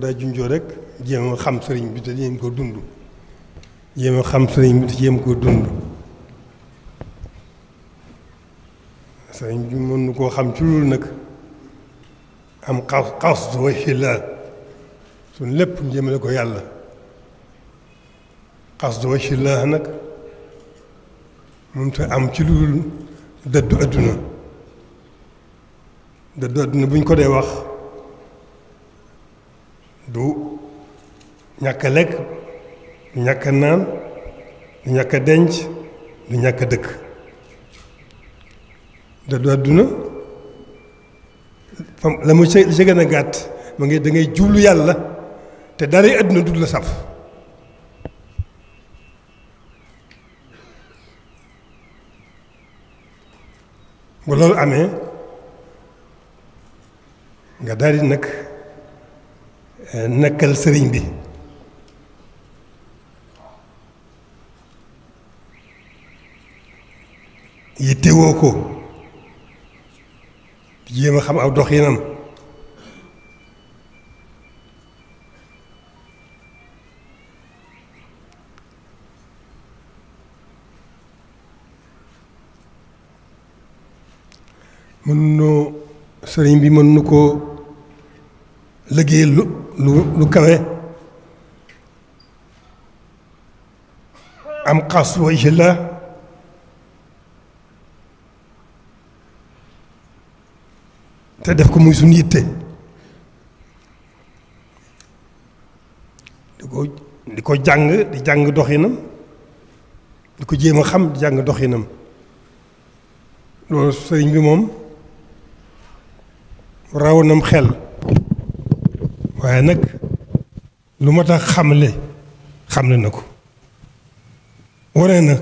daa junjoo rek jéem a xam sëriñ bi te jéem ko dund jéem a xam sëriñ bi te jéem ko dund sëriñ bi mën na koo xam ci loolu nag am xaw xaw su wajhi laa suñ lépp njëmale ko yàlla xaw su wajhi laa nag mënut a am ci loolu dëddu adduna dëddu adduna buñ ko dee wax ñàkk lekk du ñàkk naan du ñàkk denc du ñàkk dëkk da du àdduna fam la mu ci gën a gàtt ma ngi da ngay jublu yàlla te dara àdduna du la saf bu loolu amee nga daal di nag eh, nekkal sëriñ bi yittewoo ko jéem xam aw doxinam mën noo sëriñ bi mën nu koo liggéey lu lu lu kawe am xas wa la te def ko muy suñu yitte di ko di ko jàng di jàng doxinam di ko jéem a xam di jàng doxinam loolu sëriñ bi moom raw nam xel waaye nag lu ma tax xamle xamle na ko wane na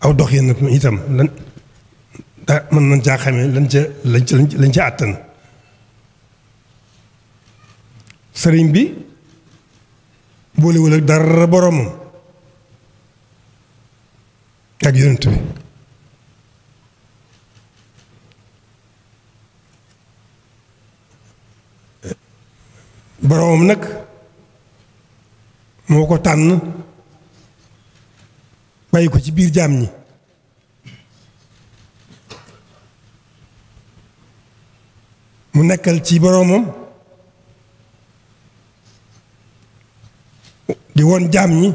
aw doxinam itam lan mën nañ caa xamee lañ ca lañ ca lañ ca àttan sëriñ bi boolewul ak dara boromam ak yonent bi boromam nag moo ko tànn bàyyi ko ci biir jaam ñi mu nekkal ci boroomam di woon jaam ñi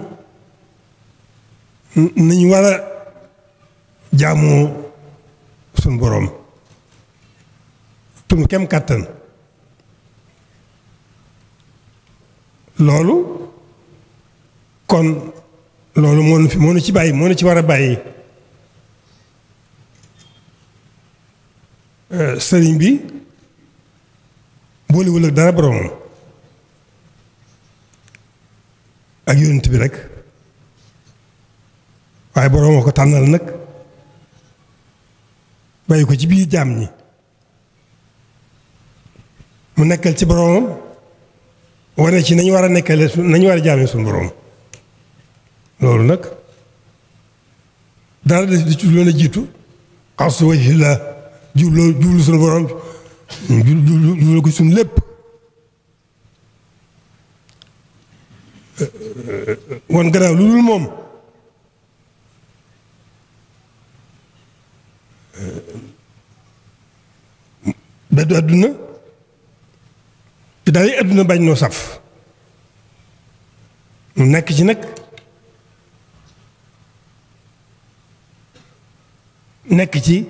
niñ war a jaamoo suñ boroom tun kem kàttan loolu kon loolu moo fi moo ci bàyyi moo ci war a bàyyi sëriñ bi boolewul ak dara boromam ak yonent bi rek waaye borom ko tànnal nag bàyyi ko ci biir jaam ñi mu nekkal ci boromam wane ci nañu war a nekkale nañu war a jaamee suñu borom loolu nag dara da ci loon a jiitu xarsu wajhi la jublu jublu borom ñu jul jul ko suñ lépp wan gannaaw lu dul moom beddu àdduna te daal àdduna bañ noo saf mu nekk ci nag nekk ci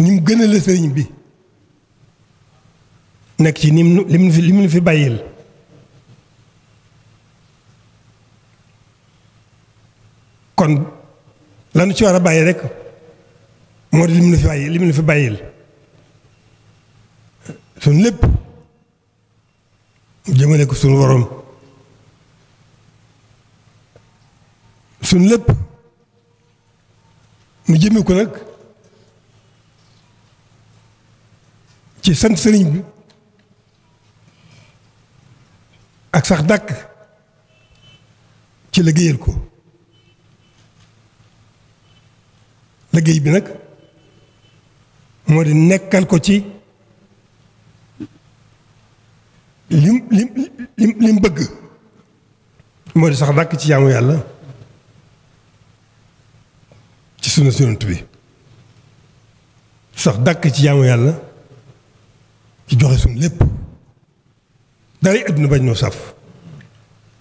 ni mu gën a la sëriñ bi nekk ci ni mu li mu fi bàyyil kon lanu ci war a bàyyi rek moo di li mu fi bàyyi li bàyyil suñ lépp jëmale ko suñu waroom suñ lépp mu jëme ko nag ci sant sëriñ bi ak sax dàkk ci liggéeyal ko liggéey bi nag moo di nekkal ko ci lim lim lim bëgg moo di sax dàkk ci jaamu yàlla ci sunu sunant bi sax dàkk ci jaamu yàlla ci joxe suñ lépp daray adduna bañ noo saf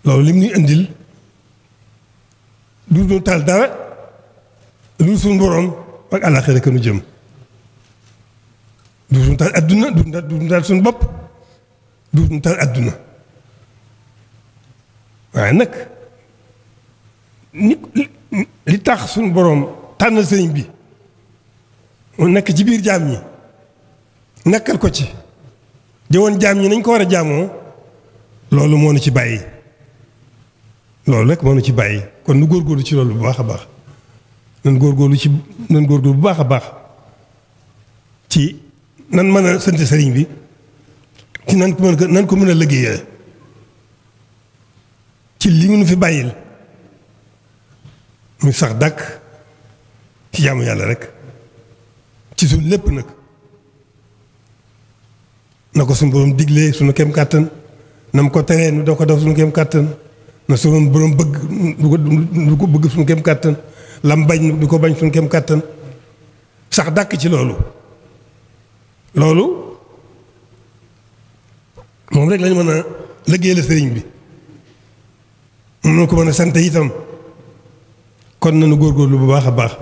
loolu lim ñuy indil du do tal dara lu suñ borom ak àllaaxira ka nu jëm du suñ tal aduna du ñu taal suñ bop du suñ tal aduna waaye nak ni li tax suñ borom tan sëñ bi mu nekk ci biir jaam ñi nekkal ko ci jëwoon jaam ñi nañ ko war a jaamoo loolu moo nu ci bàyyi loolu rek moo nu ci bàyyi kon nu góorgóorlu ci loolu bu baax a baax nan góorgóorlu ci nan góor bu baax a baax ci nan mën a sant sëriñ bi ci nan ko mën nan ko mën a liggéeyee ci li mu fi bàyyil muy sax dàkk ci jaamu yàlla rek ci suñ lépp nag. na ko suñu borom diglee suñu kem kàttan na mu ko teree nu doo ko def suñu kem kàttan na suma borom bëgg du ko bëgg suñu kem kàttan lam bañ du ko bañ suñu kem kàttan sax dàkk ci loolu loolu moom rek lañ mën a liggéey la sëriñ bi mën ko mën a sant itam kon góor góorgóorlu bu baax a baax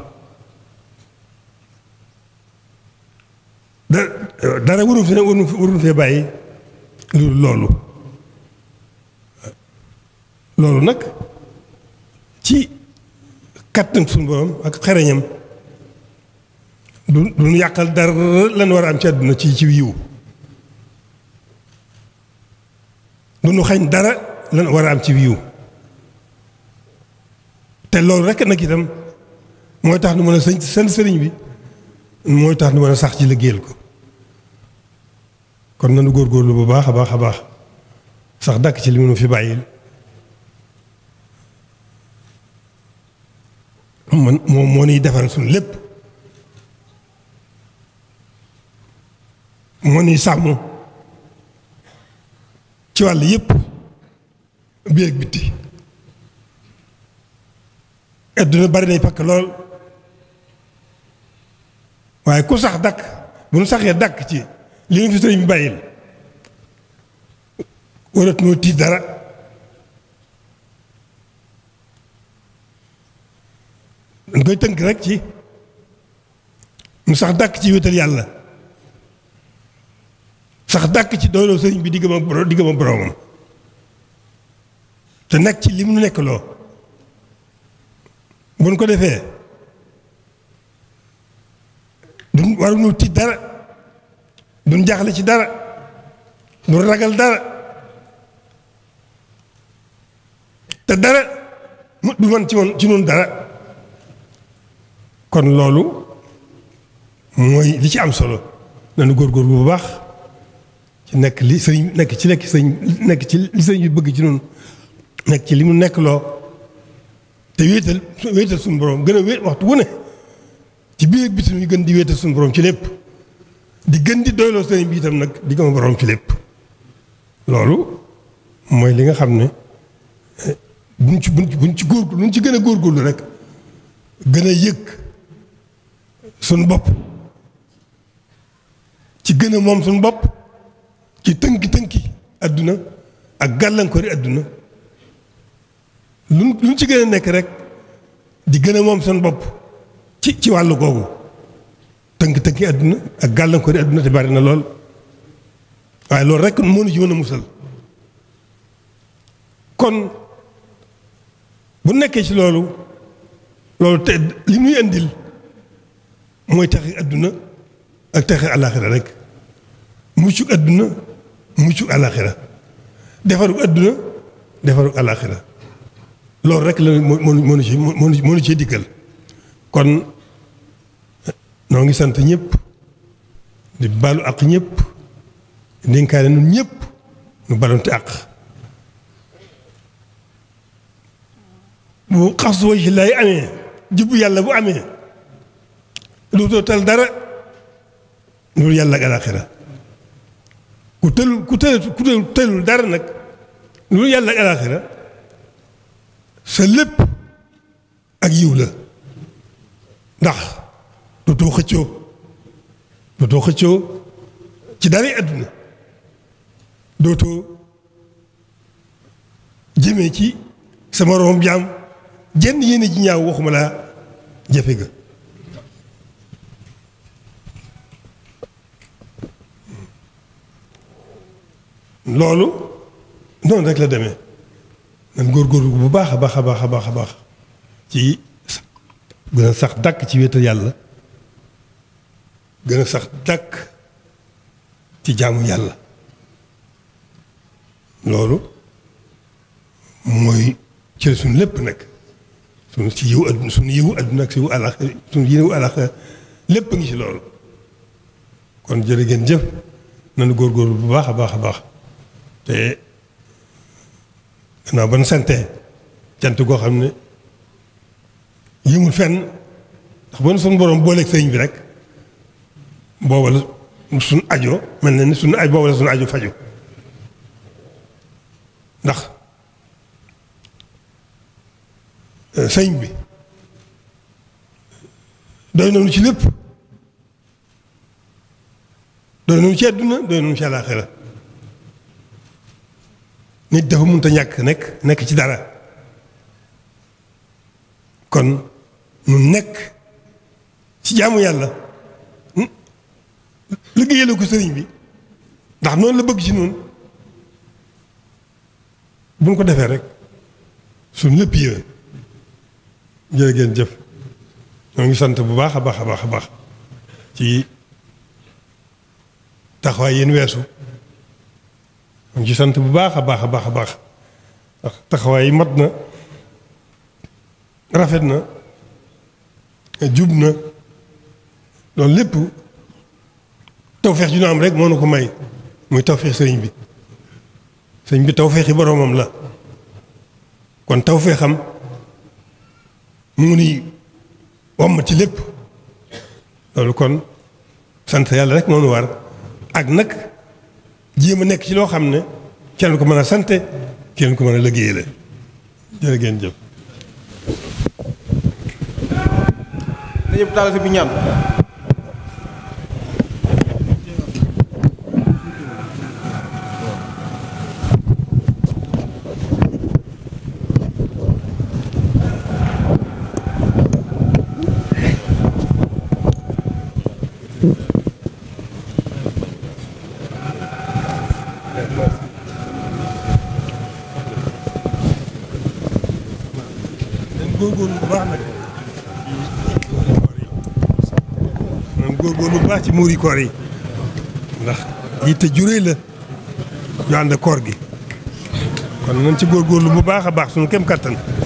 dara waru fi ne waru fee bàyyi loolu loolu nag ci kattan suñu borom ak xereñam du duñu yàqal dara lan war a am ci àdduna ci ci yiw duñu xañ dara lan war a am ci yiw te loolu rekk nag itam mooy tax nu mën a sant sëriñ bi mooy tax ni mën a sax ci liggéeyal ko kon nanu góorgóorlu bu baax a baax a baax sax dàkk ci li mu fi bàyyil man moom moo niy defar suñ lépp moo niy sàmm ci wàll yépp biir ak bitti adduna bari nay pakk lool waaye ku sax dakk bu nu saxee dakk ci li ñu fi sëriñ bàyyil dara dañ koy tënk ci mu sax dàkk ci wéetal yàlla sax dàkk ci dooloo sëriñ bi diggam ak diggam te nekk ci li mu buñ ko defee war waruñu tiit dara duñ jaaxle ci dara duñ ragal dara te dara mu du man ci woon ci noonu dara kon loolu mooy li ci am solo góor góor bu baax ci nekk li sëñ nekk ci nekk sëñ nekk ci li sëñ bi bëgg ci noonu nekk ci li mu nekk loo te wéetal wéetal suñu borom gën a we waxtu wu ne ci biir bitim ñu gën di wéetal suñu borom ci lépp di gën di doyloo sëriñ bi itam nag di gëm borom ci lépp loolu mooy li nga xam ne eh, buñ ci buñ ci góor luñ ci gën a góorgóorlu rek gën a yëg suñu bopp ci gën a moom suñu bopp ci tënki-tënki àdduna ak gàllankoori àdduna luñ luñ ci gën a nekk rek di gën a moom suñu bopp ci ci wàllu googu tënk-tënki àdduna ak gàllankoori àdduna te bari na lool waaye loolu rek moo ñu ci mën a musal kon bu nekkee ci loolu loolu te li muy indil mooy taxi àdduna ak taxi àllaaxira rek muccu àdduna muccu àllaaxira defaru àdduna defaru àllaaxira loolu rek la moo moo moo ci moo ci dikkal kon noo ngi sant ñëpp di balu ak ñëpp dénkaane nun ñëpp nu balonte ak bu xas wajhi laay amee jubbu yàlla bu amee dootoo tal dara loolu yàlla ak alaxira ku tëlul ku tëlul ku tëlul dara nag loolu yàlla ak alaxira sa lépp ak yiw la ndax du too xëccoo du xëccoo ci dara àdduna dootoo jëmee ci sama romb jaam jenn yéene ji ñaaw waxuma laa jafe ga loolu noonu rek la deme nan góorgóorlu bu baax a baax a baax a baax a baax ci gën a sax dàkk ci wéetal yàlla gën a sax dàkk ci jaamu yàlla loolu mooy ci suñu lépp nag suñu ci yiw adduna suñu yiwu adduna ak si wu alax suñu yiwu alax lépp ngi ci loolu kon jërë ngeen jëf nanu góorgóorlu bu baax a baax a baax te gannaaw ban sante cant goo xam ne yëmul fenn ndax bu nu sunu borom booleeg sëriñ bi rek booba la sunu ajo mel na ni sunu aj booba la sunu ajo fajo ndax sëriñ bi doy nañu ci lépp doy nañu ci àdduna doy nañu ci àllaaxira nit dafa mënut a ñàkk nekk nekk ci dara kon nu nekk ci jaamu yàlla liggéeyale ko sëriñ bi ndax noonu la bëgg ci noonu bu ko defee rek suñ lépp yéwén jërë ngeen jëf ñoo ngi sant bu baax a baax a baax a baax ci taxawaay yéen weesu ñoo ngi sant bu baax a baax a baax a baax taxawaay mat na rafet na jub dans moi lépp faire ju ñu am rek moo mais ko may muy tawfeex sëriñ bi sëriñ bi tawfeexi boroomam la kon tawfeexam mu ni ci lepp lolou kon sante yalla rek war ak nak jima a ci lo xamne ko meuna sante kenn ko meuna la ñëpp taal si bu ñaan góorgóorlu bu baax ci muuri koor yi ndax yitte juree la ñu ànd koor gi kon nañ ci góorgóorlu bu baax a baax suñu kem kàttan